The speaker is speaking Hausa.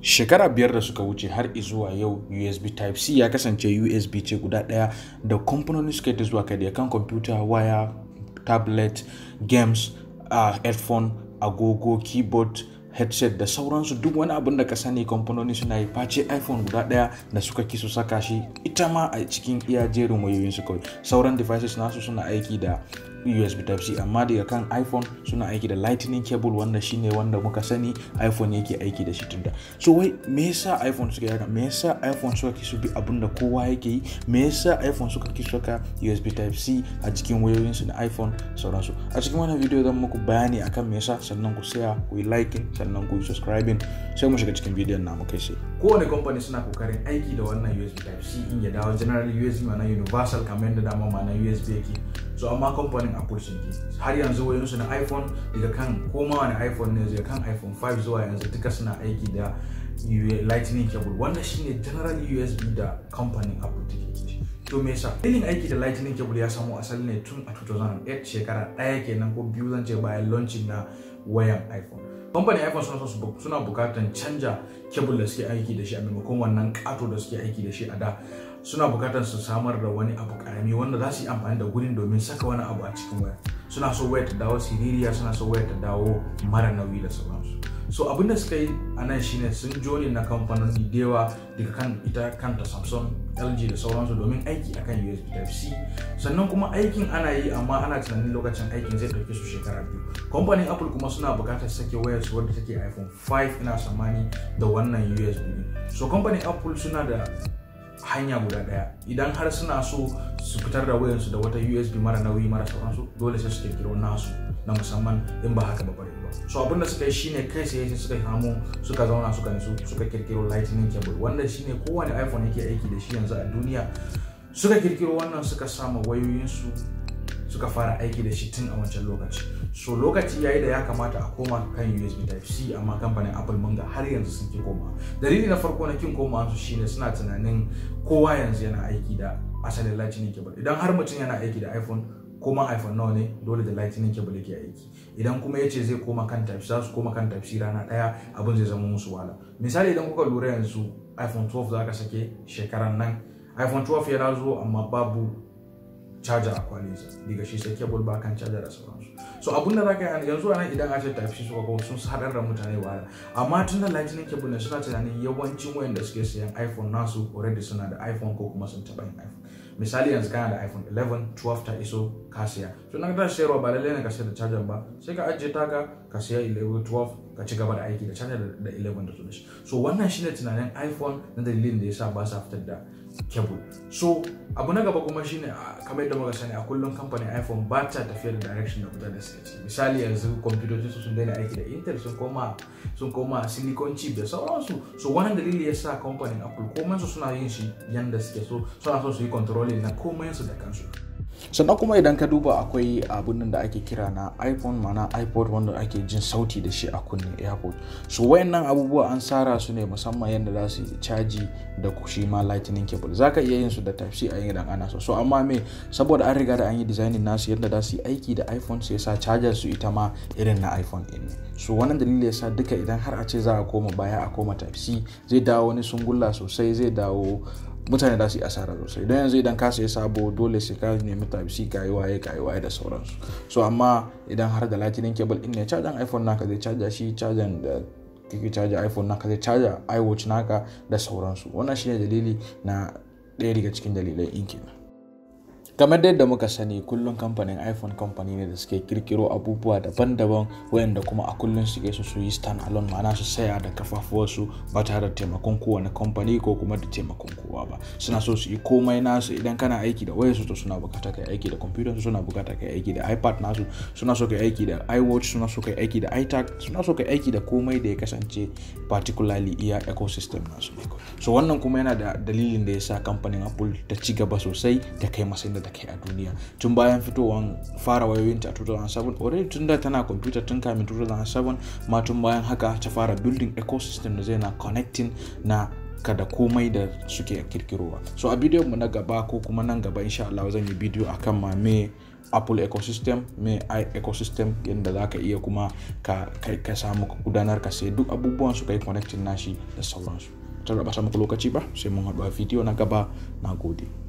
shekara biyar da suka wuce har zuwa yau usb type c ya kasance usb ce guda daya da kamfanoni suka yi zuwa kai kan kwamfuta waya tablet games uh, headphone agogo keyboard headset da sauransu duk wani abin da ka sani kamfanoni suna yi face iphone guda daya da suka kisu su saka shi ita ma a cikin iya jerin wayoyinsu kawai sauran devices nasu suna aiki da USB type C amma daga kan iPhone suna aiki da lightning cable wanda shine wanda muka sani iPhone yake aiki da shi tunda so wai me yasa iPhone suka yaka me yasa iPhone suka kisu bi kowa yake yi me yasa iPhone suka kisu ka USB type C a cikin wayoyin su na iPhone sauransu a cikin wannan video zan muku bayani akan me yasa sannan ku saya ku yi sannan ku yi subscribing sai mu shiga cikin bidiyon namu kai sai kowane company suna kokarin aiki da wannan USB type C in ya dawo general USB mana universal kamar yadda dama mana USB yake so amma kamfanin apple sun ki har yanzu wayansu na iphone daga kan koma wani iphone ne zai kan iphone 5 zuwa yanzu duka suna aiki da lightning cable wannan shine general usb da kamfanin apple take to me yasa filin aiki da lightning cable ya samo asali ne tun a 2008 shekara ɗaya kenan ko biyu zan ce bayan launching na wayan iphone kamfanin iphone suna suna bukatan canja cable da suke aiki da shi a maimakon wannan kato da suke aiki da shi a da suna bukatar su samar da wani abu karami wanda za su yi amfani da gurin domin saka wani abu a cikin waya suna so waya ta dawo siririya suna so waya ta dawo mara nauyi da sauransu so abin da suka yi a nan shine sun jo na kamfanin da daga kan ita kanta samsung lg da sauransu domin aiki akan usb type c sannan kuma aikin ana yi amma ana tunanin lokacin aikin zai ɗauke su shekara biyu kamfanin apple kuma suna buƙatar sake wayar su wadda take iphone 5 ina samani da wannan usb so kamfanin apple suna da hanya guda daya idan har suna so su fitar da wayansu da wata usb mara nauyi mara sauransu dole sai su kirkiro nasu na musamman in ba haka babbar ba so abinda suka yi shine kai sai sai suka hamo suka zauna suka nisu suka kirkiro lightning cable wanda shine kowane iphone yake aiki da shi yanzu a duniya suka kirkiro wannan suka sama wayoyinsu suka fara aiki da shi tun a wancan lokaci so lokaci yayi da ya kamata a koma kan USB type C amma kamfanin Apple mun ga har yanzu sun ki koma dalili na farko na kin koma su shine suna tunanin kowa yanzu yana aiki da asalin Lightning cable idan har mutum yana aiki da iPhone koma iphone nawa ne dole da lightning cable yake aiki idan kuma yace zai koma kan type za su koma kan type c rana daya abin zai zama musu wala misali idan kuka lura yanzu iphone 12 za ka sake shekaran nan iphone 12 yana zo amma babu charger a kwaleja daga shi sai kebul ba kan caja da sauransu so abun da zaka yi yanzu ana idan ace type tafi suka ko sun sadar da mutane wahala amma tun da lightning kebul ne suna tunanin yawancin wayanda suke sayan iphone nasu already suna da iphone ko kuma sun taba yin iphone misali yanzu kana da iphone 11 12 ta iso ka siya so na ta sayarwa ba lallai ne ka sayar da cajan ba sai ka ajiye ta ka ka siya 11 12 ka ci gaba da aiki da charger da 11 da su so wannan shine tunanin iphone na dalilin da yasa ba sa fitar da cable so abu na gaba kuma shine ah, kamar yadda muka sani a kullum kamfanin iphone ba ta tafiya da direction da mutane suka ce misali yanzu kwamfutocin sun daina aiki da intel sun koma sun koma silicon chip da sauransu so wannan dalili ya sa kamfanin apple komansu suna yin shi yanda suke so suna so su yi controlling na komai su da kansu sannan kuma idan ka duba akwai abin da ake kira na iphone mana ipod wanda ake jin sauti da shi a kunnen airpod so wayannan abubuwa an sara su ne musamman yadda za su caji da kushi ma lightning cable za ka iya yin su da type c a yin idan ana so so amma me saboda an riga da an yi designing nasu yadda za su yi aiki da iphone sai sa cajar su ita ma irin na iphone din ne so wannan dalili yasa duka idan har a ce za a koma baya a koma type c zai dawo wani sungulla sosai zai dawo mutane da su yi asara sosai don yanzu idan ka sayi sabo dole sai ka nemi tabisi ka yi waye ka yi waye da sauransu so amma idan har da lightning kebal din ne cajan iphone naka zai caja shi cajan da kike caja iphone naka zai caja iwatch naka da sauransu wannan shine dalili na ɗaya daga cikin dalilai in kenan kamar yadda muka sani kullum kamfanin iphone kamfani ne da suke kirkiro abubuwa daban-daban wayanda kuma a kullum suke su su yi stand alone ma'ana su saya da kafafuwarsu ba tare da taimakon kowane kamfani ko kuma da taimakon kowa ba suna so su yi komai nasu idan kana aiki da wayarsu to suna bukata kai aiki da kwamfutar su suna bukata kai aiki da ipad nasu suna so kai aiki da iwatch suna so kai aiki da iTac, suna so kai aiki da komai da ya kasance particularly iya ecosystem nasu so wannan kuma yana da dalilin da ya sa kamfanin apple ta ci gaba sosai ta kai masu inda da kai a duniya tun bayan fitowar fara wayoyinta a 2007 already tun da tana computer tun kamin 2007 ma tun bayan haka ta fara building ecosystem da zai na connecting na kada komai da suke kirkirowa so a bidiyon mu na gaba ko kuma nan gaba insha Allah zan yi bidiyo akan ma me apple ecosystem me i ecosystem yadda za ka iya kuma ka kai ka samu gudanar ka sai duk abubuwan su kai connecting nashi da sauransu ta raba samu lokaci ba sai mun haɗu a bidiyo na gaba na gode